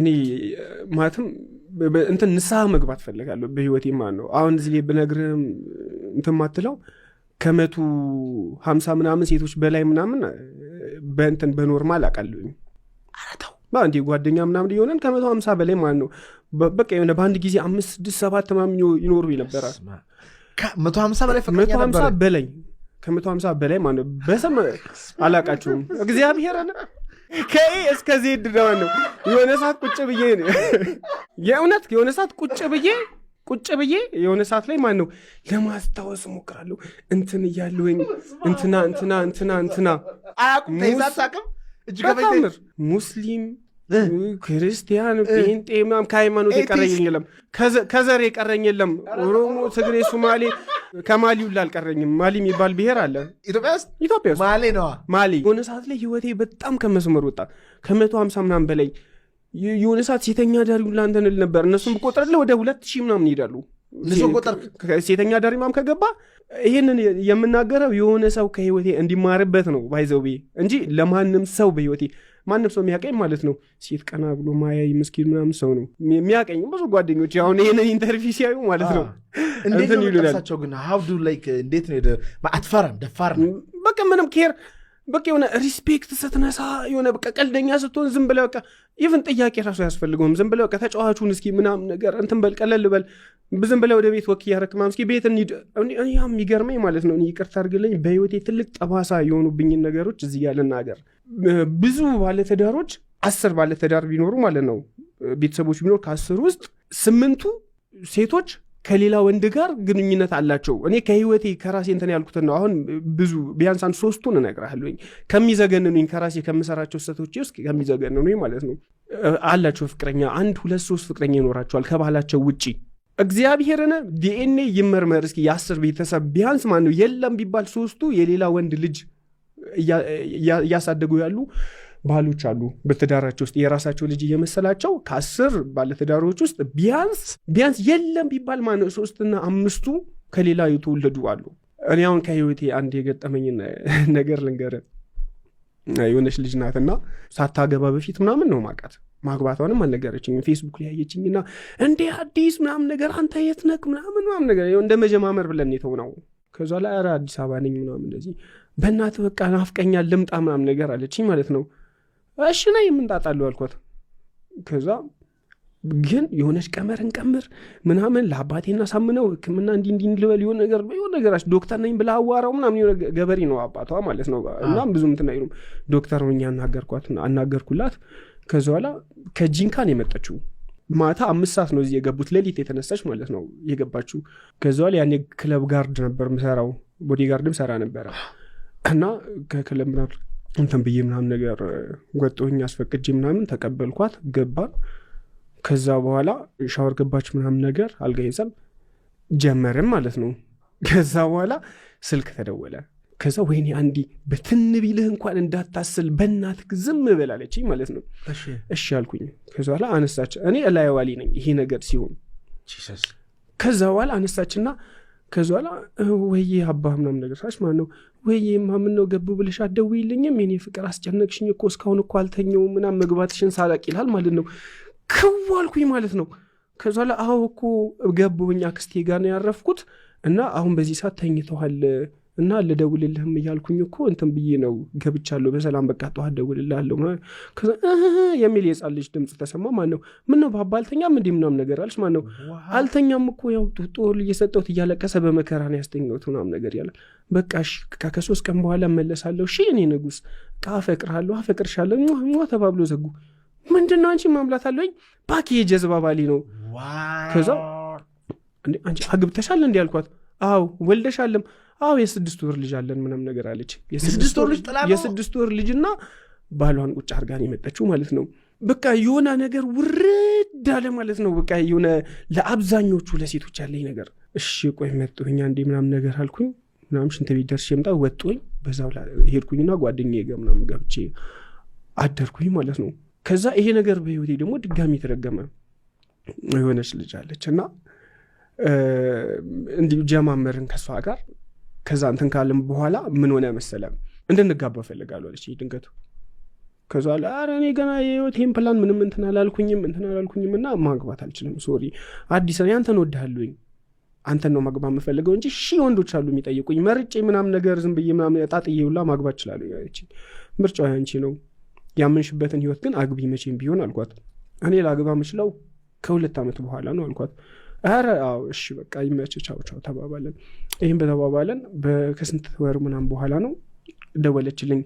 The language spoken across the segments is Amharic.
እኔ ማለትም እንትን ንስሐ መግባት ፈልጋለሁ በህይወቴ ማለት ነው። አሁን እዚህ ላይ ብነግርህም እንትን ማትለው ከመቱ ሀምሳ ምናምን ሴቶች በላይ ምናምን በእንትን በኖርማል አቃለኝ አረተው እንዲ ጓደኛ ምናምን የሆነን ከመቶ ሀምሳ በላይ ማለት ነው። በቃ የሆነ በአንድ ጊዜ አምስት ስድስት ሰባት ምናምን ይኖሩ ይነበራል። መቶ ሀምሳ በላይ መቶ ሀምሳ በላይ ከመቶ ሀምሳ በላይ ማለት ነው። በሰም አላውቃቸውም እግዚአብሔር ከኤ እስከ ዜድ ደሆን ነው። የሆነ ሰዓት ቁጭ ብዬ የእውነት የሆነ ሰዓት ቁጭ ብዬ ቁጭ ብዬ የሆነ ሰዓት ላይ ማን ነው ለማስታወስ እሞክራለሁ። እንትን እያለሁኝ እንትና እንትና እንትና እንትና በታምር ሙስሊም ክርስቲያን ጴንጤ ምናምን ከሃይማኖት የቀረኝ የለም፣ ከዘር የቀረኝ የለም። ኦሮሞ፣ ትግሬ፣ ሱማሌ ከማሊ ከማሊውላ አልቀረኝም። ማሊ የሚባል ብሔር አለ ኢትዮጵያ ውስጥ። ኢትዮጵያ ውስጥ ማሊ ነዋ። ማሊ የሆነ ሰዓት ላይ ህይወቴ በጣም ከመስመር ወጣ። ከመቶ ሀምሳ ምናምን በላይ የሆነ ሰዓት ሴተኛ ዳሪ ሁላ እንትን እል ነበር። እነሱም ብቆጥርልህ ወደ ሁለት ሺህ ምናምን ይሄዳሉ። ሴተኛ ዳሪ ማም ከገባ ይህንን የምናገረው የሆነ ሰው ከህይወቴ እንዲማርበት ነው ባይዘው ብዬ እንጂ ለማንም ሰው በህይወቴ ማንም ሰው የሚያቀኝ ማለት ነው ሴት ቀና ብሎ ማያይ ምስኪን ምናምን ሰው ነው የሚያቀኝ። ብዙ ጓደኞች አሁን ይህንን ኢንተርቪ ሲያዩ ማለት ነው እንትን ይሉናልሳቸው። ግን ሀውዱ ላይክ እንዴት ነው አትፈራም? ደፋር ነው በቃ ምንም ኬር በቃ የሆነ ሪስፔክት ስትነሳ የሆነ በቃ ቀልደኛ ስትሆን ዝም ብለ በቃ ይፍን ጥያቄ ራሱ ያስፈልገውም ዝም ብለ በቃ ተጫዋቹን እስኪ ምናም ነገር እንትን በል ቀለል በል ዝም ብለ ወደ ቤት ወክ እያረክ ምናምን እስኪ ቤት እንሂድ። የሚገርመኝ ማለት ነው ይቅርታ አድርግልኝ በህይወቴ ትልቅ ጠባሳ የሆኑብኝን ነገሮች እዚህ ያለ እናገር ብዙ ባለተዳሮች አስር ባለተዳር ቢኖሩ ማለት ነው ቤተሰቦች ቢኖር ከአስር ውስጥ ስምንቱ ሴቶች ከሌላ ወንድ ጋር ግንኙነት አላቸው። እኔ ከህይወቴ ከራሴ እንትን ያልኩትን ነው። አሁን ብዙ ቢያንስ አንድ ሶስቱን እነግርሃለሁኝ ከሚዘገንኑኝ ከራሴ ከምሰራቸው ስህተቶች ውስጥ ከሚዘገንኑኝ ማለት ነው። አላቸው ፍቅረኛ አንድ ሁለት ሶስት ፍቅረኛ ይኖራቸዋል ከባህላቸው ውጪ። እግዚአብሔርን ዲኤንኤ ይመርመር እስኪ የአስር ቤተሰብ ቢያንስ ማነው የለም ቢባል ሶስቱ የሌላ ወንድ ልጅ እያሳደጉ ያሉ ባህሎች አሉ። በትዳራቸው ውስጥ የራሳቸው ልጅ እየመሰላቸው ከአስር ባለትዳሮች ውስጥ ቢያንስ ቢያንስ የለም ቢባል ማነ ሶስትና አምስቱ ከሌላ የተወለዱ አሉ። እኔ አሁን ከህይወቴ አንድ የገጠመኝ ነገር ልንገር የሆነች ልጅ ናትና ሳታገባ በፊት ምናምን ነው ማቃት ማግባቷንም አልነገረችኝ ፌስቡክ ላይ ያየችኝና እንዴ አዲስ ምናምን ነገር አንተ የት ምናምን ምናምን ነገር እንደ መጀማመር ብለን የተው ነው ከዛ ላይ ኧረ አዲስ አበባ ነኝ ምናምን እንደዚህ በእናት በቃ ናፍቀኛል ልምጣ ምናምን ነገር አለችኝ ማለት ነው። እሺ ና የምንጣጣሉ አልኳት። ከዛ ግን የሆነች ቀመር እንቀምር ምናምን ለአባቴ እናሳምነው ህክምና እንዲ እንዲ ልበል የሆነ ነገር የሆነ ነገራች ዶክተር ነኝ ብላ አዋራው ምናምን የሆነ ገበሬ ነው አባቷ ማለት ነው። እናም ብዙ እንትን አይሉም ዶክተር ሆኜ አናገርኳት አናገርኩላት። ከዚ በኋላ ከጂንካን የመጠችው ማታ አምስት ሰዓት ነው እዚህ የገቡት። ሌሊት የተነሳች ማለት ነው የገባችው። ከዚዋል ያኔ ክለብ ጋርድ ነበር ምሰራው፣ ቦዲ ጋርድም ሰራ ነበረ እና ከክለብ ምናምን እንትን ብዬ ምናምን ነገር ጎጦኝ አስፈቅጅ ምናምን ተቀበልኳት፣ ገባን። ከዛ በኋላ ሻወር ገባች ምናምን ነገር አልጋ ጀመርም ማለት ነው። ከዛ በኋላ ስልክ ተደወለ ከዛ ወይኔ አንዴ በትን ቢልህ እንኳን እንዳታስል በእናትህ ዝም በላለችኝ ማለት ነው። እሺ አልኩኝ። ከዛ በኋላ አነሳች። እኔ እላይዋሊ ነኝ ይሄ ነገር ሲሆን ከዛ በኋላ አነሳችና ከዛ በኋላ ወይ አባ ምናም ነገር ሳች ማለት ነው። ወይ ማምን ነው ብልሽ አደው ይልኝም የኔ ፍቅር አስጨነቅሽኝ እኮ እስካሁን እኮ አልተኘው ምናም መግባትሽን ሳላቅ ይላል ማለት ነው። ክው አልኩኝ ማለት ነው። ከዛ በኋላ አሁ እኮ ገብ ብኛ ክስቴ ጋር ነው ያረፍኩት እና አሁን በዚህ ሰዓት ተኝተዋል እና ልደውልልህም እያልኩኝ እኮ እንትን ብዬ ነው ገብቻለሁ። በሰላም በቃ ጠዋት ደውልልሃለሁ የሚል የጻን ልጅ ድምፅ ተሰማ። ማን ነው? ምን ነው ባባ አልተኛም እንዲህ ምናምን ነገር አለች። ማን ነው? አልተኛም እኮ ያው ጦል እየሰጠሁት እያለቀሰ በመከራ ነው ያስተኛሁት ምናምን ነገር ያለ በቃ ከሶስት ቀን በኋላ እመለሳለሁ። ሺ እኔ ንጉስ አፈቅርሃለሁ፣ አፈቅርሻለሁ ተባብሎ ዘጉ። ምንድን ነው አንቺ ማምላት አለኝ ባኪ የጀዝባ ባሊ ነው። ከዛ አንቺ አግብተሻል እንዲህ አልኳት። አዎ ወልደሻለም አዎ የስድስት ወር ልጅ አለን ምንም ነገር አለች። የስድስት ወር ልጅ እና ባሏን ቁጭ አርጋን የመጠችው ማለት ነው። በቃ የሆነ ነገር ውርድ አለ ማለት ነው። በቃ የሆነ ለአብዛኞቹ ለሴቶች ያለኝ ነገር እሺ፣ ቆይ መጡኛ እንዴ ምናም ነገር አልኩኝ። ምናም ሽንት ቤት ደርሼ የምጣ ወጡኝ። በዛው ሄድኩኝና ጓደኛ ጋር ምናም ገብቼ አደርኩኝ ማለት ነው። ከዛ ይሄ ነገር በህይወቴ ደግሞ ድጋሚ የተረገመ የሆነች ልጅ አለች እና እንዲሁ ጀማመርን ከሷ ጋር ከዛ እንትን ካለም በኋላ ምን ሆነ መሰለም እንድንጋባ ፈልጋሉ አለች ድንገቱ። ከዛ ኧረ እኔ ገና የህይወቴን ፕላን ምንም እንትን አላልኩኝም እንትን አላልኩኝም እና ማግባት አልችልም፣ ሶሪ አዲስ ነው ያንተን ወድሃለኝ አንተን ነው ማግባት የምፈልገው እንጂ ሺ ወንዶች አሉ የሚጠይቁኝ መርጬ ምናምን ነገር ዝም ብዬ ምናምን ጣጥዬ ሁላ ማግባት እችላለሁ ያለች። ምርጫ ያንቺ ነው፣ ያምንሽበትን ህይወት ግን አግቢ መቼም ቢሆን አልኳት። እኔ ላግባ ምችለው ከሁለት ዓመት በኋላ ነው አልኳት። ኧረ አዎ እሺ በቃ ይመች ቻው ተባባለን። ይህም በተባባለን ከስንት ወር ምናም በኋላ ነው ደወለችልኝ።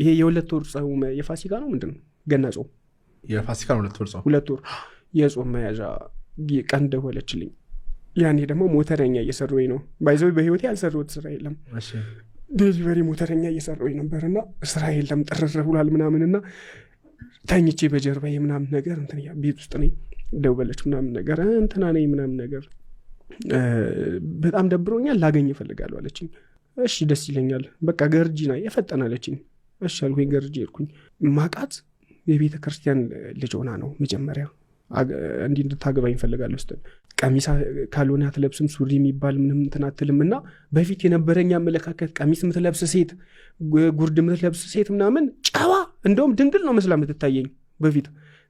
ይሄ የሁለት ወር ጾም የፋሲካ ነው ምንድን ነው ገና ጾም የፋሲካ ሁለት ወር ጾም ሁለት ወር የጾም መያዣ ቀን ደወለችልኝ። ያኔ ደግሞ ሞተረኛ እየሰሩኝ ነው ባይዘ በህይወቴ ያልሰሩት ስራ የለም ዴሊቨሪ ሞተረኛ እየሰሩኝ እና ስራ የለም ጥርር ብሏል እና ተኝቼ በጀርባ የምናምን ነገር እንትን ቤት ውስጥ ነኝ ደውበለች ምናምን ነገር እንትና ነኝ ምናምን ነገር በጣም ደብሮኛል ላገኝ እፈልጋለሁ አለችኝ። እሺ ደስ ይለኛል በቃ ገርጂ ና የፈጠን አለችኝ። እሺ አልኩኝ። ገርጂ ልኩኝ ማቃት የቤተ ክርስቲያን ልጅ ሆና ነው መጀመሪያ እንዲ እንድታገባኝ እፈልጋለሁ ስትል ቀሚሳ ካልሆነ አትለብስም ሱሪ የሚባል ምንም ትናትልም አትልም። እና በፊት የነበረኝ አመለካከት ቀሚስ ምትለብስ ሴት፣ ጉርድ ምትለብስ ሴት ምናምን ጨዋ እንደውም ድንግል ነው መስላ ምትታየኝ በፊት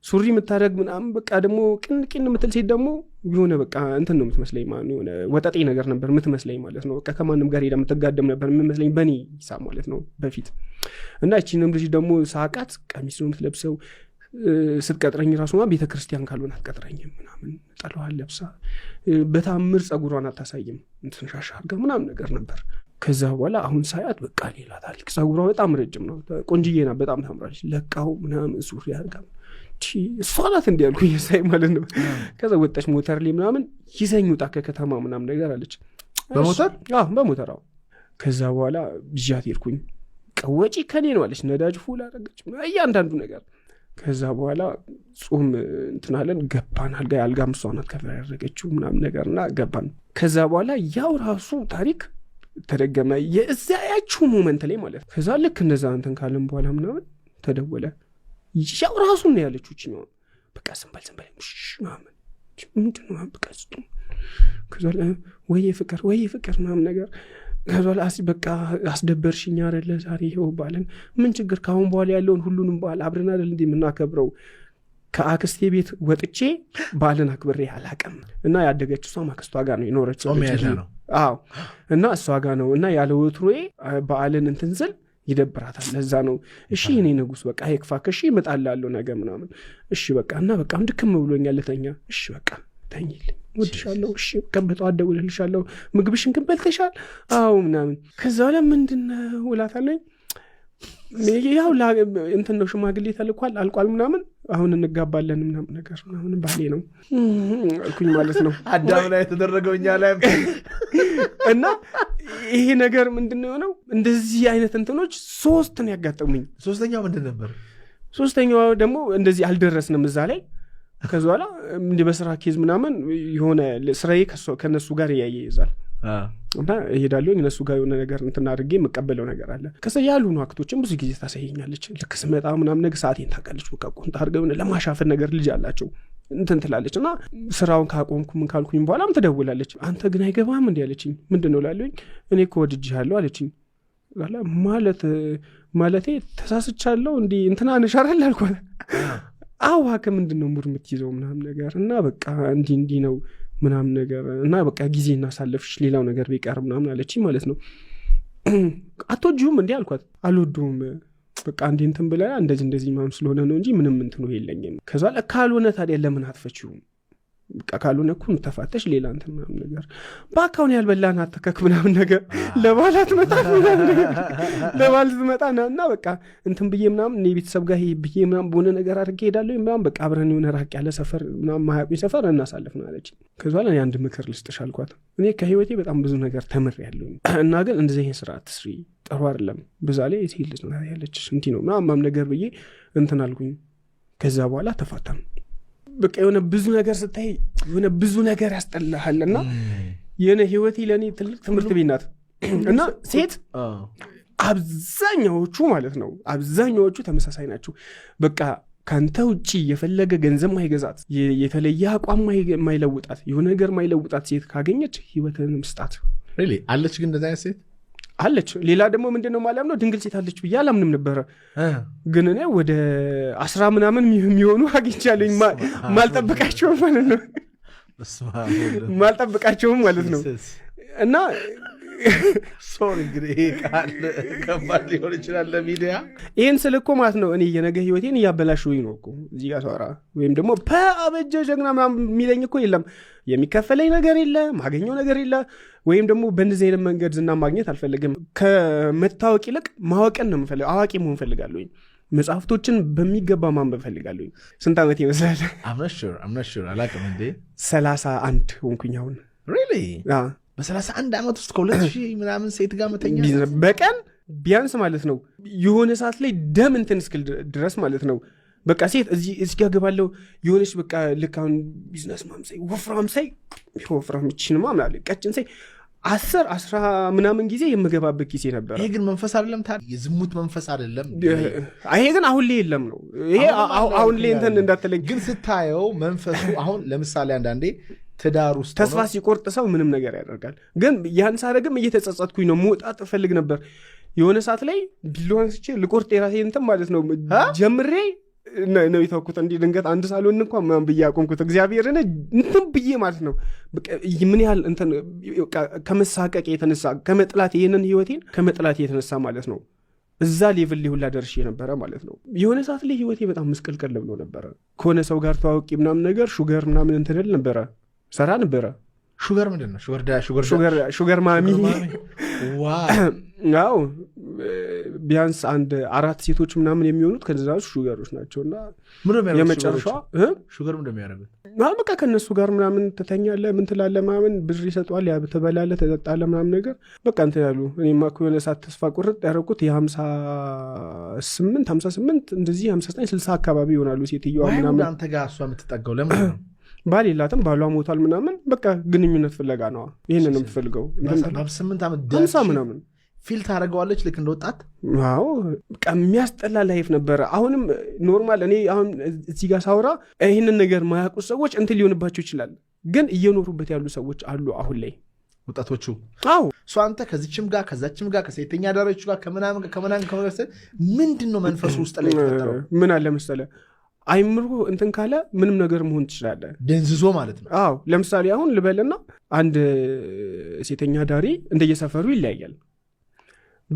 ሱሪ የምታደረግ ምናምን በቃ ደግሞ ቅንቅን የምትል ሴት ደግሞ የሆነ በቃ እንትን ነው የምትመስለኝ ማለት ነው። የሆነ ወጠጤ ነገር ነበር የምትመስለኝ ማለት ነው። በቃ ከማንም ጋር ሄዳ የምትጋደም ነበር የምመስለኝ በእኔ ሂሳብ ማለት ነው በፊት እና ይቺንም ልጅ ደግሞ ሳቃት ቀሚስ ነው የምትለብሰው ስትቀጥረኝ ራሱ ቤተ ክርስቲያን ካልሆነ አትቀጥረኝም ምናምን ጠለዋል ለብሳ በታምር ጸጉሯን አታሳይም እንትን ሻሻ አድርጋ ምናምን ነገር ነበር። ከዛ በኋላ አሁን ሳያት በቃ ሌላ ታሪክ። ጸጉሯ በጣም ረጅም ነው። ቆንጅዬና በጣም ታምራለች። ለቃው ምናምን ሱሪ አርጋ እሷ ናት እንዲ ያልኩኝ ሳይ ማለት ነው። ከዛ ወጣች ሞተር ላይ ምናምን ይዘኝ ውጣ ከከተማ ምናምን ነገር አለች። በሞተር በሞተር አዎ። ከዛ በኋላ ብዣት ሄድኩኝ። ቀወጪ ከኔ ነው አለች። ነዳጅ ፉል አረገች እያንዳንዱ ነገር። ከዛ በኋላ ጾም እንትናለን ገባን። አልጋ አልጋም ምሷናት ከፍ ያደረገችው ምናምን ነገር እና ገባን። ከዛ በኋላ ያው ራሱ ታሪክ ተደገመ የእዛያችሁ ሞመንት ላይ ማለት ከዛ ልክ እነዛ እንትን ካለን በኋላ ምናምን ተደወለ ያው ራሱ ነው ያለችው ችኛው በቃ ዝንበል ዝንበል ምናምን ነው በቃ ስጡ ከዛ ወይ ፍቅር ወይ ፍቅር ምናምን ነገር ከዛ በቃ አስደበርሽኝ አደለ ዛሬ ይኸው ባለን ምን ችግር ከአሁን በኋላ ያለውን ሁሉንም በዓል አብረን አደል እንዲ የምናከብረው ከአክስቴ ቤት ወጥቼ ባልን አክብሬ አላቅም እና ያደገች እሷም አክስቷ ጋር ነው የኖረች አዎ እና እሷ ጋር ነው እና ያለ ወትሮዬ በዓልን እንትንስል ይደብራታል። ለዛ ነው እሺ እኔ ንጉስ በቃ ሄክፋክ ከሺ ይመጣላለሁ ነገ ምናምን እሺ በቃ እና በቃ ድክም ብሎኛል ልተኛ። እሺ በቃ ተኝል ወድሻለሁ እሺ ከብጠዋ እደውልልሻለሁ። ምግብሽን ግን በልተሻል? አዎ ምናምን። ከዛ በኋላ ምንድነ ነው እላታለሁ። ያው እንትን ነው ሽማግሌ ተልኳል አልቋል ምናምን አሁን እንጋባለን ምናምን ነገር ምናምን ባሌ ነው አልኩኝ ማለት ነው። አዳም ላይ የተደረገው እኛ ላይ እና ይሄ ነገር ምንድነው የሆነው? እንደዚህ አይነት እንትኖች ሶስት ነው ያጋጠሙኝ። ሶስተኛው ምንድን ነበር? ሶስተኛው ደግሞ እንደዚህ አልደረስንም እዛ ላይ። ከዚ በኋላ እንዲህ በስራ ኬዝ ምናምን የሆነ ስራዬ ከነሱ ጋር እያያይዛል እና እሄዳለሁ እነሱ ጋር የሆነ ነገር እንትን አድርጌ የምቀበለው ነገር አለ። ከዚ ነው አክቶችን ብዙ ጊዜ ታሳየኛለች። ልክ ስመጣ ምናምን ነገ ሰዓቴን ታውቃለች። በቃ ቆንጣ አድርገው ለማሻፈን ነገር ልጅ አላቸው እንትን ትላለች እና ስራውን ካቆምኩ ምን ካልኩኝ በኋላም ትደውላለች። አንተ ግን አይገባም እንዲ አለችኝ። ምንድን ነው ላለኝ እኔ እኮ ወድጄሃለሁ አለችኝ። ማለት ማለቴ ተሳስቻለሁ እንዲ እንትና ንሻረል አልኳት። አዋ ከምንድን ነው ሙድ የምትይዘው ምናምን ነገር እና በቃ እንዲ እንዲ ነው ምናም ነገር እና በቃ ጊዜ እናሳለፍሽ ሌላው ነገር ቢቀር ምናምን አለችኝ ማለት ነው። አትወጂውም እንዲህ አልኳት። አልወዱም በቃ አንዴ እንትን ብለና እንደዚህ እንደዚህ ማም ስለሆነ ነው እንጂ ምንም እንትኑ የለኝም። ከዛ ለካ ካልሆነ ታዲያ ለምን አትፈችውም? ካልሆነ እኮ ተፋተሽ ሌላ እንትን ምናምን ነገር በአካሁን ያልበላን አተከክ ምናምን ነገር ለባላት መጣ ምናምን ነገር ለባል መጣ እና በቃ እንትን ብዬ ምናምን እኔ ቤተሰብ ጋር ብዬ ምናምን በሆነ ነገር አድርጌ ሄዳለሁ ምናምን በቃ አብረን የሆነ ራቅ ያለ ሰፈር ምናምን ማያቁኝ ሰፈር እናሳለፍ ነው አለች። ከዚ ኋላ አንድ ምክር ልስጥሽ አልኳት። እኔ ከህይወቴ በጣም ብዙ ነገር ተምር ተምሬያለሁ እና ግን እንደዚህ ስራ ስሪ ጥሩ አይደለም፣ ብዛ ላይ ሴልስ ያለች እንቲ ነው ምናምን ነገር ብዬ እንትን አልኩኝ። ከዛ በኋላ ተፋታም በቃ የሆነ ብዙ ነገር ስታይ የሆነ ብዙ ነገር ያስጠላሃል። እና የሆነ ህይወቴ ለእኔ ትልቅ ትምህርት ቤት ናት እና ሴት አብዛኛዎቹ ማለት ነው አብዛኛዎቹ ተመሳሳይ ናቸው። በቃ ከአንተ ውጭ የፈለገ ገንዘብ ማይገዛት፣ የተለየ አቋም ማይለውጣት፣ የሆነ ነገር ማይለውጣት ሴት ካገኘች ህይወትን ምስጣት አለች። ግን እንደዚ ሴት አለች። ሌላ ደግሞ ምንድነው ነው ድንግል ሴት አለች ብዬ አላምንም ነበረ። ግን እኔ ወደ አስራ ምናምን የሚሆኑ አግኝቻለኝ ማልጠብቃቸውም ማለት ነው ማልጠብቃቸውም ማለት ነው እና ሶሪ እንግዲህ ይሄ ቃል ከባድ ሊሆን ይችላል ለሚዲያ። ይህን ስል እኮ ማለት ነው እኔ የነገ ህይወቴን እያበላሽሁኝ ነው እኮ እዚህ ጋር ሰራ ወይም ደግሞ በአበጀ ጀግና ምናም የሚለኝ እኮ የለም። የሚከፈለኝ ነገር የለ፣ ማገኘው ነገር የለ። ወይም ደግሞ በእንደዚህ አይነት መንገድ ዝና ማግኘት አልፈልግም። ከመታወቅ ይልቅ ማወቅን ነው የምፈልገው። አዋቂ መሆን ፈልጋለኝ መጽሐፍቶችን በሚገባ ማንበብ ፈልጋለኝ ስንት ዓመት ይመስላል? አላቅም እንዴ ሰላሳ አንድ ሆንኩኝ አሁን በሰላሳ አንድ ዓመት ውስጥ ከሁለት ሺህ ምናምን ሴት ጋር መተኛ በቀን ቢያንስ ማለት ነው። የሆነ ሰዓት ላይ ደም እንትን እስክል ድረስ ማለት ነው። በቃ ሴት እዚህ ጋ ገባለው የሆነች በቃ ልክ አሁን ቢዝነስ ማምሳይ ወፍራም ሳይ ወፍራም ችን ምናምን ቀጭን ሳይ አስር አስራ ምናምን ጊዜ የምገባበት ጊዜ ነበር። ይሄ ግን መንፈስ አይደለም ታዲያ የዝሙት መንፈስ አይደለም። ይሄ ግን አሁን ላይ የለም ነው። ይሄ አሁን ላይ እንትን እንዳትለኝ ግን ስታየው መንፈሱ አሁን ለምሳሌ አንዳንዴ ትዳር ውስጥ ተስፋ ሲቆርጥ ሰው ምንም ነገር ያደርጋል። ግን ያን ሳረግም እየተጸጸትኩኝ ነው። መውጣት እፈልግ ነበር። የሆነ ሰዓት ላይ ቢሎን ስቼ ልቆርጥ የራሴንትም ማለት ነው ጀምሬ ነው የተውኩት። እንዲህ ድንገት አንድ ሳልሆን እንኳ ምናምን ብዬ አቆምኩት። እግዚአብሔር እንትን ብዬ ማለት ነው ምን ያህል ከመሳቀቅ የተነሳ ከመጥላት ይህንን ህይወቴን ከመጥላት የተነሳ ማለት ነው እዛ ሌቭል ሁላ ደርሼ የነበረ ማለት ነው። የሆነ ሰዓት ላይ ህይወቴ በጣም ምስቅልቅል ብሎ ነበረ። ከሆነ ሰው ጋር ተዋውቂ ምናምን ነገር ሹገር ምናምን እንትንል ነበረ ሰራ ነበረ። ሹገር ምንድን ሹገር ማሚ ው ቢያንስ አንድ አራት ሴቶች ምናምን የሚሆኑት ከዛ ሹገሮች ናቸውና የመጨረሻ በቃ ከእነሱ ጋር ምናምን ትተኛለህ፣ ምን ትላለህ፣ ምናምን ብር ይሰጧል፣ ያ ትበላለህ፣ ትጠጣለህ ምናምን ነገር በቃ እንትን ያሉ እኔማ እኮ የሆነ ሰዓት ተስፋ ቁርጥ ያደረኩት የሀምሳ ስምንት ሀምሳ ስምንት እንደዚህ ሀምሳ ዘጠኝ ስልሳ አካባቢ ይሆናሉ ሴትየዋ ምናምን አንተ ጋር እሷ የምትጠጋው ለምን ነው ባል የላትም ባሏ ሞታል ምናምን በቃ ግንኙነት ፍለጋ ነዋ። ይህን ነው የምትፈልገው። ስምንት ምናምን ፊል ታደረገዋለች ልክ እንደወጣት ወጣት። አዎ የሚያስጠላ ላይፍ ነበረ። አሁንም ኖርማል እኔ አሁን እዚህ ጋር ሳውራ ይህንን ነገር ማያውቁ ሰዎች እንትን ሊሆንባቸው ይችላል፣ ግን እየኖሩበት ያሉ ሰዎች አሉ አሁን ላይ ወጣቶቹ። አዎ እሱ አንተ ከዚችም ጋር ከዛችም ጋር ከሴተኛ ዳሪዎቹ ጋር ከምናምን ከምናምን ከምናምን ምንድን ነው መንፈሱ ውስጥ ላይ ምን አለ መሰለህ አይምሮ እንትን ካለ ምንም ነገር መሆን ትችላለህ። ደንዝዞ ማለት ነው። አዎ ለምሳሌ አሁን ልበልና አንድ ሴተኛ ዳሪ እንደየሰፈሩ ይለያያል።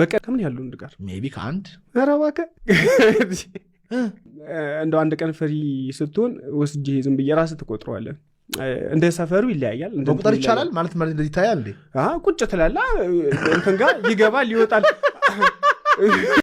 በቀን ከምን ያሉ ንድጋር ቢ ከአንድ ረባከ እንደ አንድ ቀን ፍሪ ስትሆን ወስጄ ዝም ብዬ ራስ ትቆጥረዋለህ። እንደ ሰፈሩ ይለያያል። መቁጠር ይቻላል ማለት ይታያል። ቁጭ ትላላ እንትን ጋር ይገባል ይወጣል